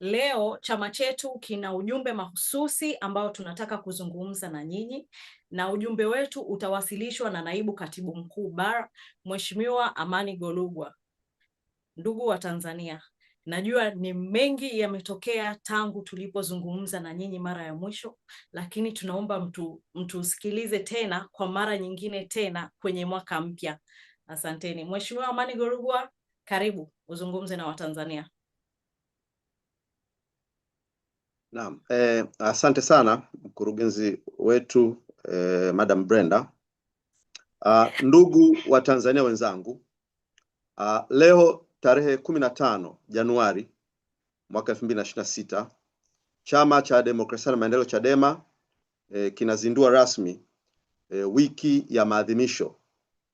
Leo chama chetu kina ujumbe mahususi ambao tunataka kuzungumza na nyinyi, na ujumbe wetu utawasilishwa na naibu katibu mkuu bara, Mheshimiwa Amani Golugwa. Ndugu wa Tanzania, najua ni mengi yametokea tangu tulipozungumza na nyinyi mara ya mwisho, lakini tunaomba mtu mtusikilize tena kwa mara nyingine tena kwenye mwaka mpya. Asanteni. Mheshimiwa Amani Golugwa, karibu uzungumze na Watanzania. Naam, eh, asante sana mkurugenzi wetu eh, Madam Brenda. Ah, ndugu wa Tanzania wenzangu ah, leo tarehe kumi na tano Januari mwaka elfu mbili na ishirini na sita Chama cha Demokrasia na Maendeleo Chadema eh, kinazindua rasmi eh, wiki ya maadhimisho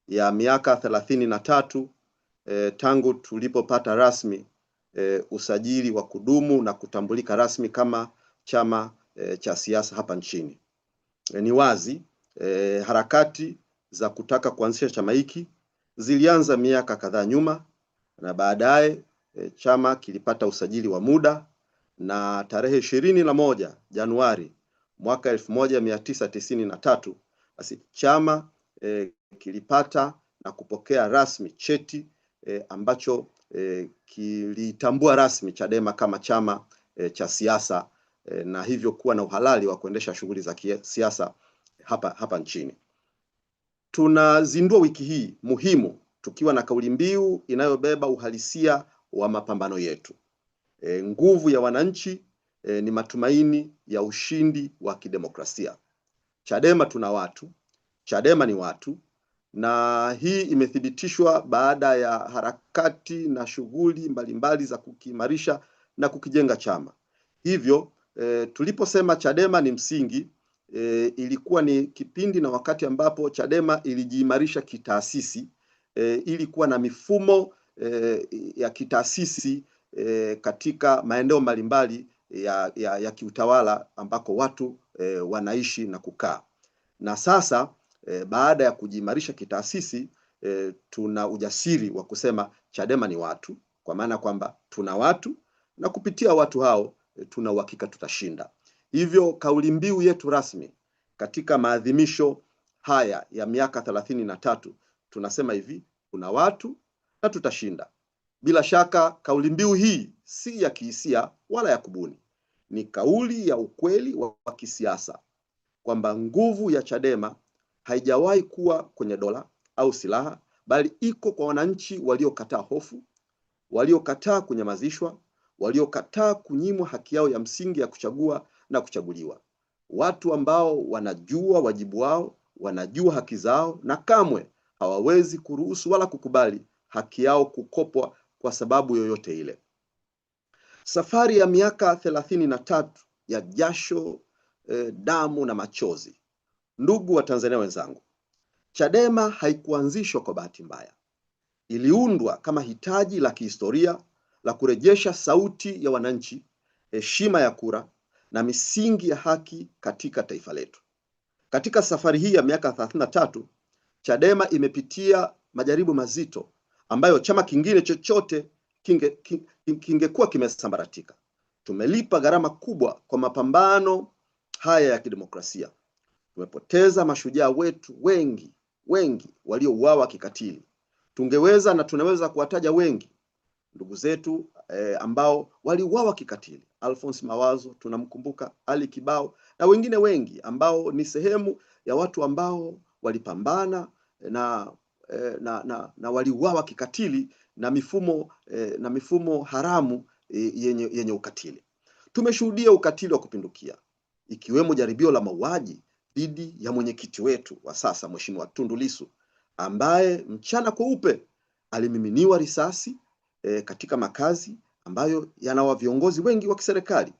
ya miaka thelathini na tatu eh, tangu tulipopata rasmi e, usajili wa kudumu na kutambulika rasmi kama chama e, cha siasa hapa nchini. E, ni wazi e, harakati za kutaka kuanzisha chama hiki zilianza miaka kadhaa nyuma na baadaye e, chama kilipata usajili wa muda na tarehe ishirini na moja Januari mwaka elfu moja mia tisa tisini na tatu basi chama e, kilipata na kupokea rasmi cheti e, ambacho e, kilitambua rasmi Chadema kama chama e, cha siasa e, na hivyo kuwa na uhalali wa kuendesha shughuli za siasa hapa, hapa nchini. Tunazindua wiki hii muhimu tukiwa na kauli mbiu inayobeba uhalisia wa mapambano yetu. E, nguvu ya wananchi e, ni matumaini ya ushindi wa kidemokrasia. Chadema tuna watu, Chadema ni watu, na hii imethibitishwa baada ya harakati na shughuli mbalimbali za kukiimarisha na kukijenga chama. Hivyo e, tuliposema Chadema ni msingi e, ilikuwa ni kipindi na wakati ambapo Chadema ilijiimarisha kitaasisi e, eh, ili kuwa na mifumo e, ya kitaasisi e, katika maeneo mbalimbali ya, ya, ya kiutawala ambako watu e, wanaishi na kukaa na sasa e, baada ya kujiimarisha kitaasisi e, tuna ujasiri wa kusema Chadema ni watu, kwa maana kwamba tuna watu na kupitia watu hao e, tuna uhakika tutashinda. Hivyo kauli mbiu yetu rasmi katika maadhimisho haya ya miaka thelathini na tatu tunasema hivi, kuna watu na tutashinda. Bila shaka kauli mbiu hii si ya kihisia wala ya kubuni, ni kauli ya ukweli wa kisiasa kwamba nguvu ya Chadema haijawahi kuwa kwenye dola au silaha, bali iko kwa wananchi waliokataa hofu, waliokataa kunyamazishwa, waliokataa kunyimwa haki yao ya msingi ya kuchagua na kuchaguliwa, watu ambao wanajua wajibu wao, wanajua haki zao, na kamwe hawawezi kuruhusu wala kukubali haki yao kukopwa kwa sababu yoyote ile. Safari ya miaka thelathini na tatu ya jasho eh, damu na machozi Ndugu wa Tanzania wenzangu, Chadema haikuanzishwa kwa bahati mbaya. Iliundwa kama hitaji la kihistoria la kurejesha sauti ya wananchi, heshima ya kura na misingi ya haki katika taifa letu. Katika safari hii ya miaka 33, Chadema imepitia majaribu mazito ambayo chama kingine chochote kingekuwa kinge, kinge kimesambaratika. Tumelipa gharama kubwa kwa mapambano haya ya kidemokrasia. Tumepoteza mashujaa wetu wengi wengi waliouawa kikatili. Tungeweza na tunaweza kuwataja wengi ndugu zetu eh, ambao waliuawa kikatili. Alphonse Mawazo tunamkumbuka, Ali Kibao na wengine wengi ambao ni sehemu ya watu ambao walipambana eh, na eh, na, na, na waliuawa kikatili na mifumo eh, na mifumo haramu eh, yenye, yenye ukatili. Tumeshuhudia ukatili wa kupindukia ikiwemo jaribio la mauaji dhidi ya mwenyekiti wetu wa sasa Mheshimiwa Tundu Lissu ambaye mchana kweupe alimiminiwa risasi e, katika makazi ambayo yana viongozi wengi wa kiserikali,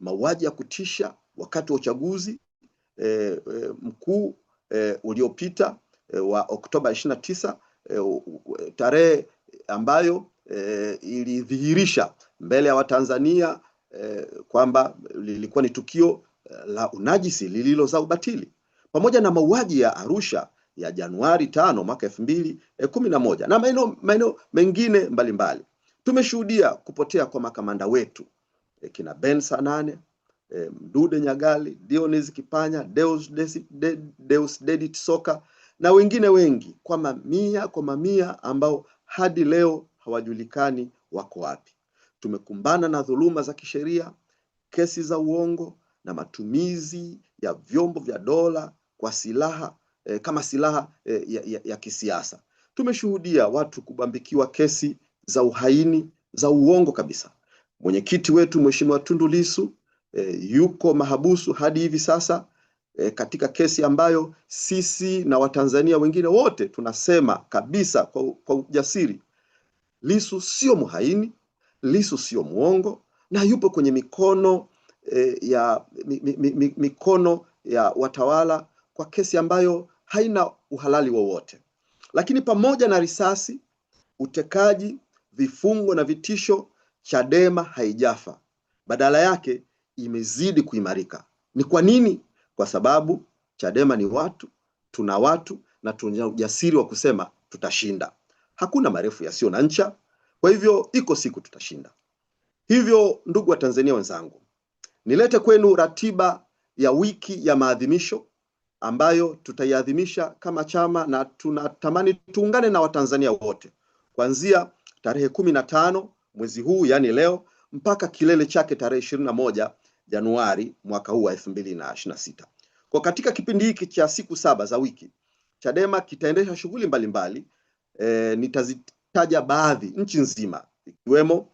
mauaji ya kutisha wakati wa uchaguzi e, e, mkuu e, uliopita e, wa Oktoba 29 e, tarehe ambayo e, ilidhihirisha mbele ya Watanzania e, kwamba lilikuwa ni tukio la unajisi lililozaa ubatili pamoja na mauaji ya Arusha ya Januari tano mwaka elfu mbili eh, kumi na moja na maeneo maeneo mengine mbalimbali mbali. Tumeshuhudia kupotea kwa makamanda wetu e, kina Ben Sanane e, Mdude Nyagali, Dionis Kipanya, Deus, Desi, De, Deus Dedit Soka na wengine wengi kwa mamia kwa mamia ambao hadi leo hawajulikani wako wapi. Tumekumbana na dhuluma za kisheria, kesi za uongo, na matumizi ya vyombo vya dola kwa silaha eh, kama silaha eh, ya, ya, ya kisiasa. Tumeshuhudia watu kubambikiwa kesi za uhaini za uongo kabisa. Mwenyekiti wetu Mheshimiwa Tundu Lissu eh, yuko mahabusu hadi hivi sasa eh, katika kesi ambayo sisi na Watanzania wengine wote tunasema kabisa kwa, kwa ujasiri Lissu sio mhaini, Lissu sio muongo na yupo kwenye mikono eh, ya mikono ya watawala kwa kesi ambayo haina uhalali wowote. Lakini pamoja na risasi, utekaji, vifungo na vitisho, Chadema haijafa, badala yake imezidi kuimarika. Ni kwa nini? Kwa sababu Chadema ni watu, tuna watu na tuna ujasiri wa kusema tutashinda. Hakuna marefu yasiyo na ncha, kwa hivyo iko siku tutashinda. Hivyo ndugu wa Tanzania wenzangu, Nilete kwenu ratiba ya wiki ya maadhimisho ambayo tutaiadhimisha kama chama, na tunatamani tuungane na Watanzania wote kuanzia tarehe kumi na tano mwezi huu, yani leo, mpaka kilele chake tarehe ishirini na moja Januari mwaka huu wa elfu mbili na ishirini sita. Kwa katika kipindi hiki cha siku saba za wiki, Chadema kitaendesha shughuli mbalimbali e, nitazitaja baadhi nchi nzima ikiwemo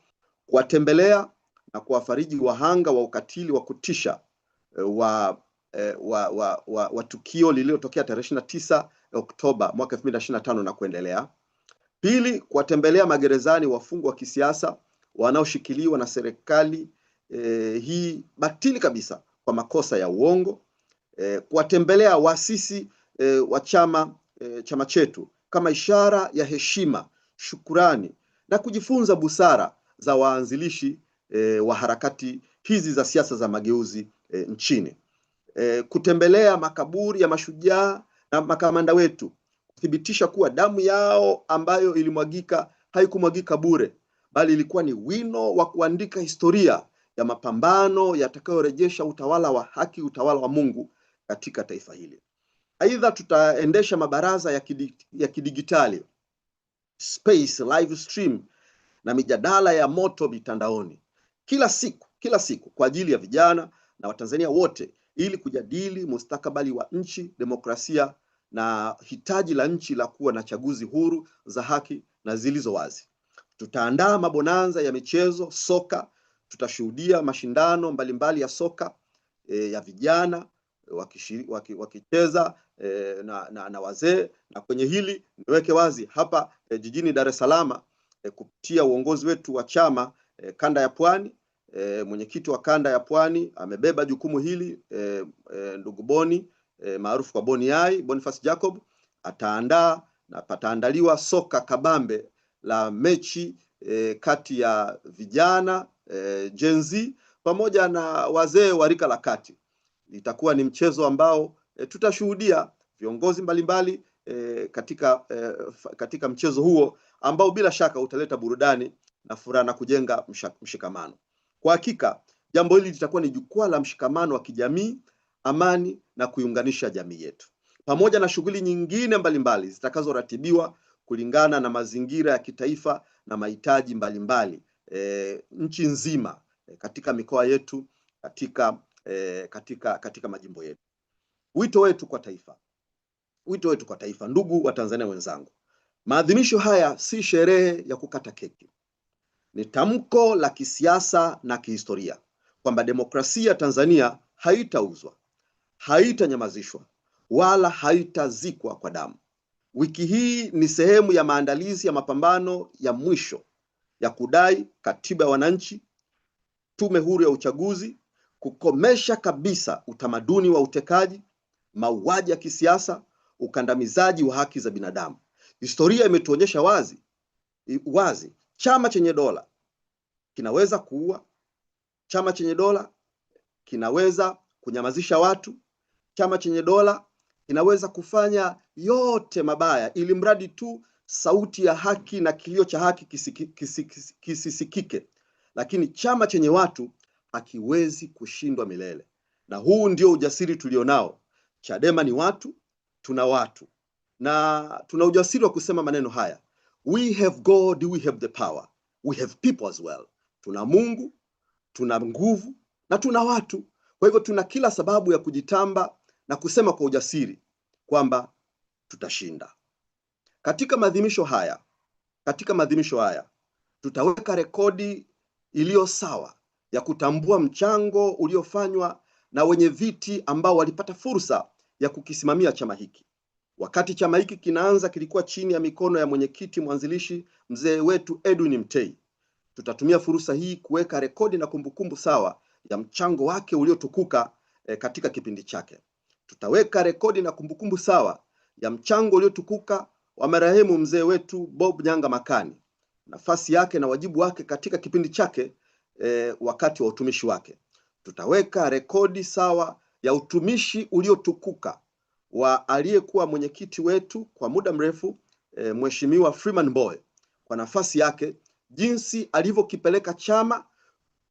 kuwatembelea na kuwafariji wahanga wa ukatili wa kutisha eh, wa, eh, wa, wa, wa, wa tukio lililotokea tarehe 29 Oktoba mwaka 2025 na kuendelea. Pili, kuwatembelea magerezani wafungwa wa kisiasa wanaoshikiliwa na serikali eh, hii batili kabisa kwa makosa ya uongo eh, kuwatembelea waasisi eh, wa chama eh, chama chetu kama ishara ya heshima, shukurani na kujifunza busara za waanzilishi e, wa harakati hizi za siasa za mageuzi e, nchini e, kutembelea makaburi ya mashujaa na makamanda wetu kuthibitisha kuwa damu yao ambayo ilimwagika haikumwagika bure, bali ilikuwa ni wino wa kuandika historia ya mapambano yatakayorejesha utawala wa haki, utawala wa Mungu katika taifa hili. Aidha, tutaendesha mabaraza ya, kidi, ya kidigitali space live stream na mijadala ya moto mitandaoni kila siku kila siku kwa ajili ya vijana na Watanzania wote ili kujadili mustakabali wa nchi, demokrasia na hitaji la nchi la kuwa na chaguzi huru za haki na zilizo wazi. Tutaandaa mabonanza ya michezo soka, tutashuhudia mashindano mbalimbali mbali ya soka e, ya vijana wakicheza e, na, na, na wazee. Na kwenye hili niweke wazi hapa e, jijini Dar es Salaam e, kupitia uongozi wetu wa chama e, kanda ya Pwani. E, mwenyekiti wa kanda ya Pwani amebeba jukumu hili e, e, ndugu Boni e, maarufu kwa Boni Yai, Boniface Jacob ataandaa na pataandaliwa soka kabambe la mechi e, kati ya vijana e, Gen Z pamoja na wazee wa rika la kati. Itakuwa ni mchezo ambao e, tutashuhudia viongozi mbalimbali e, katika, e, katika mchezo huo ambao bila shaka utaleta burudani na furaha na kujenga mshikamano. Kwa hakika jambo hili litakuwa ni jukwaa la mshikamano wa kijamii, amani na kuiunganisha jamii yetu, pamoja na shughuli nyingine mbalimbali zitakazoratibiwa kulingana na mazingira ya kitaifa na mahitaji mbalimbali e, nchi nzima e, katika mikoa yetu katika, e, katika, katika majimbo yetu. Wito wetu kwa taifa, wito wetu kwa taifa, ndugu Tanzania wenzangu, maadhimisho haya si sherehe ya kukata keki, ni tamko la kisiasa na kihistoria kwamba demokrasia Tanzania haitauzwa, haitanyamazishwa wala haitazikwa kwa damu. Wiki hii ni sehemu ya maandalizi ya mapambano ya mwisho ya kudai katiba ya wananchi, tume huru ya uchaguzi, kukomesha kabisa utamaduni wa utekaji, mauaji ya kisiasa, ukandamizaji wa haki za binadamu. Historia imetuonyesha wazi wazi Chama chenye dola kinaweza kuua, chama chenye dola kinaweza kunyamazisha watu, chama chenye dola kinaweza kufanya yote mabaya, ili mradi tu sauti ya haki na kilio cha haki kisisikike Lakini chama chenye watu hakiwezi kushindwa milele, na huu ndio ujasiri tulionao. Chadema ni watu, tuna watu na tuna ujasiri wa kusema maneno haya. We have God, we have the power. We have people as well. Tuna Mungu, tuna nguvu na tuna watu. Kwa hivyo tuna kila sababu ya kujitamba na kusema kwa ujasiri kwamba tutashinda. Katika maadhimisho haya, katika maadhimisho haya tutaweka rekodi iliyo sawa ya kutambua mchango uliofanywa na wenye viti ambao walipata fursa ya kukisimamia chama hiki. Wakati chama hiki kinaanza kilikuwa chini ya mikono ya mwenyekiti mwanzilishi mzee wetu Edwin Mtei. Tutatumia fursa hii kuweka rekodi na kumbukumbu sawa ya mchango wake uliotukuka e, katika kipindi chake. Tutaweka rekodi na kumbukumbu sawa ya mchango uliotukuka wa marehemu mzee wetu Bob Nyanga Makani, nafasi yake na wajibu wake katika kipindi chake e, wakati wa utumishi wake. Tutaweka rekodi sawa ya utumishi uliotukuka wa aliyekuwa mwenyekiti wetu kwa muda mrefu e, Mheshimiwa Freeman Mbowe kwa nafasi yake, jinsi alivyokipeleka chama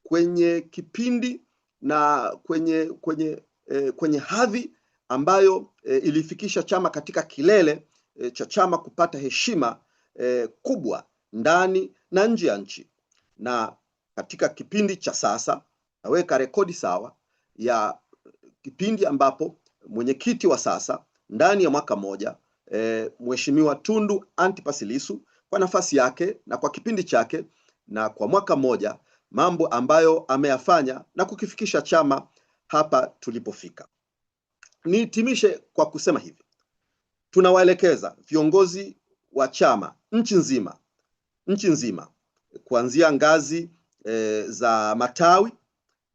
kwenye kipindi na kwenye kwenye e, kwenye hadhi ambayo e, ilifikisha chama katika kilele e, cha chama kupata heshima e, kubwa ndani na nje ya nchi. Na katika kipindi cha sasa naweka rekodi sawa ya kipindi ambapo mwenyekiti wa sasa ndani ya mwaka mmoja e, Mheshimiwa Tundu Antipas Lissu kwa nafasi yake na kwa kipindi chake na kwa mwaka mmoja, mambo ambayo ameyafanya na kukifikisha chama hapa tulipofika. Nihitimishe kwa kusema hivi, tunawaelekeza viongozi wa chama nchi nzima, nchi nzima kuanzia ngazi e, za matawi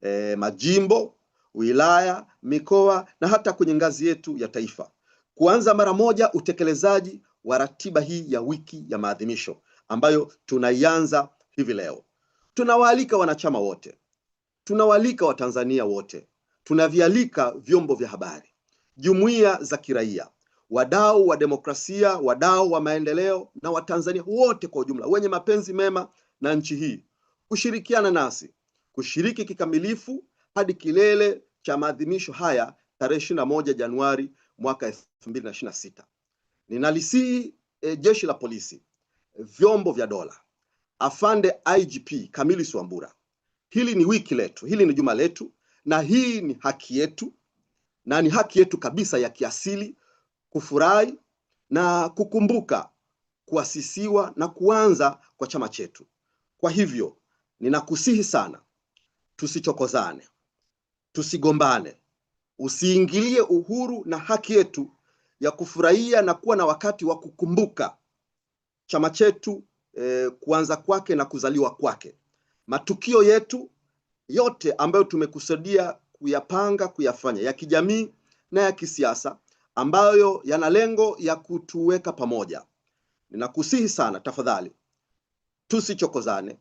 e, majimbo, wilaya mikoa na hata kwenye ngazi yetu ya taifa kuanza mara moja utekelezaji wa ratiba hii ya wiki ya maadhimisho ambayo tunaianza hivi leo. Tunawaalika wanachama wote, tunawaalika Watanzania wote, tunavialika vyombo vya habari, jumuiya za kiraia, wadau wa demokrasia, wadau wa maendeleo na Watanzania wote kwa ujumla wenye mapenzi mema na nchi hii kushirikiana nasi kushiriki kikamilifu hadi kilele cha maadhimisho haya tarehe ishirini na moja Januari mwaka elfu mbili na ishirini na sita. e, jeshi la polisi, vyombo vya dola, afande IGP Kamili swambura hili ni wiki letu, hili ni juma letu, na hii ni haki yetu, na ni haki yetu kabisa ya kiasili kufurahi na kukumbuka kuasisiwa na kuanza kwa chama chetu. Kwa hivyo ninakusihi sana, tusichokozane, tusigombane, usiingilie uhuru na haki yetu ya kufurahia na kuwa na wakati wa kukumbuka chama chetu eh, kuanza kwake na kuzaliwa kwake. Matukio yetu yote ambayo tumekusudia kuyapanga kuyafanya ya kijamii na ya kisiasa ambayo yana lengo ya kutuweka pamoja. Ninakusihi sana tafadhali, tusichokozane,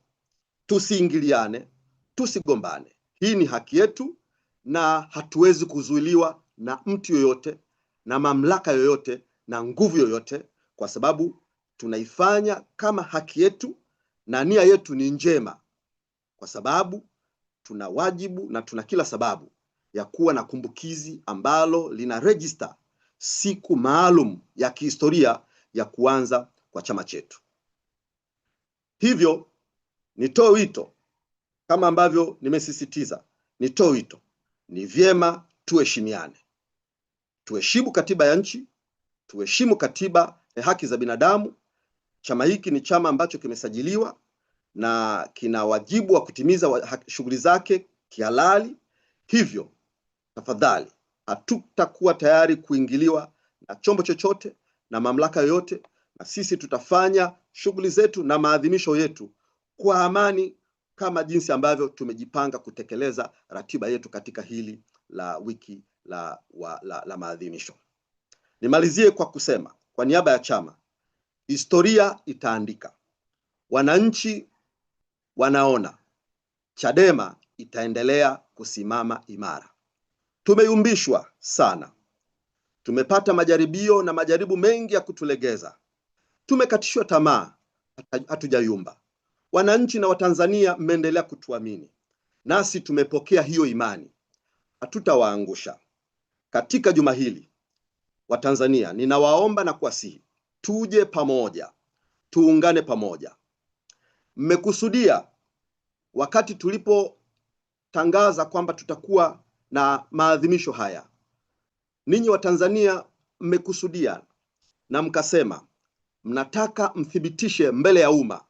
tusiingiliane, tusigombane. Hii ni haki yetu na hatuwezi kuzuiliwa na mtu yoyote na mamlaka yoyote na nguvu yoyote, kwa sababu tunaifanya kama haki yetu na nia yetu ni njema, kwa sababu tuna wajibu na tuna kila sababu ya kuwa na kumbukizi ambalo lina rejista siku maalum ya kihistoria ya kuanza kwa chama chetu. Hivyo nitoe wito kama ambavyo nimesisitiza, nitoe wito ni vyema tuheshimiane, tuheshimu katiba ya nchi, tuheshimu katiba ya haki za binadamu. Chama hiki ni chama ambacho kimesajiliwa na kina wajibu wa kutimiza shughuli zake kihalali. Hivyo tafadhali, hatutakuwa tayari kuingiliwa na chombo chochote na mamlaka yoyote, na sisi tutafanya shughuli zetu na maadhimisho yetu kwa amani kama jinsi ambavyo tumejipanga kutekeleza ratiba yetu katika hili la wiki la, wa, la, la maadhimisho. Nimalizie kwa kusema kwa niaba ya chama, historia itaandika, wananchi wanaona, Chadema itaendelea kusimama imara. Tumeyumbishwa sana, tumepata majaribio na majaribu mengi ya kutulegeza, tumekatishwa tamaa, hatujayumba. Wananchi na Watanzania mmeendelea kutuamini, nasi tumepokea hiyo imani, hatutawaangusha. Katika juma hili Watanzania, ninawaomba na kuwasihi tuje pamoja, tuungane pamoja. Mmekusudia wakati tulipotangaza kwamba tutakuwa na maadhimisho haya, ninyi Watanzania mmekusudia na mkasema mnataka mthibitishe mbele ya umma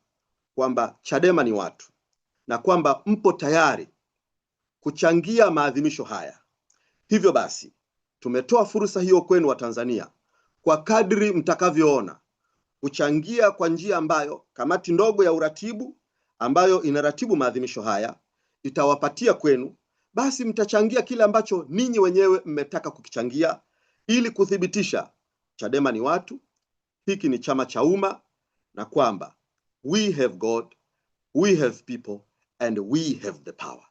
kwamba Chadema ni watu na kwamba mpo tayari kuchangia maadhimisho haya. Hivyo basi, tumetoa fursa hiyo kwenu Watanzania kwa kadri mtakavyoona kuchangia kwa njia ambayo kamati ndogo ya uratibu ambayo inaratibu maadhimisho haya itawapatia kwenu, basi mtachangia kile ambacho ninyi wenyewe mmetaka kukichangia ili kuthibitisha Chadema ni watu, hiki ni chama cha umma na kwamba we have God, we have people and we have the power.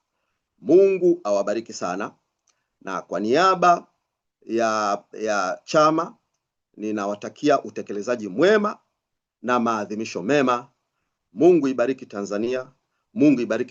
Mungu awabariki sana, na kwa niaba ya, ya chama ninawatakia utekelezaji mwema na maadhimisho mema. Mungu ibariki Tanzania, Mungu ibariki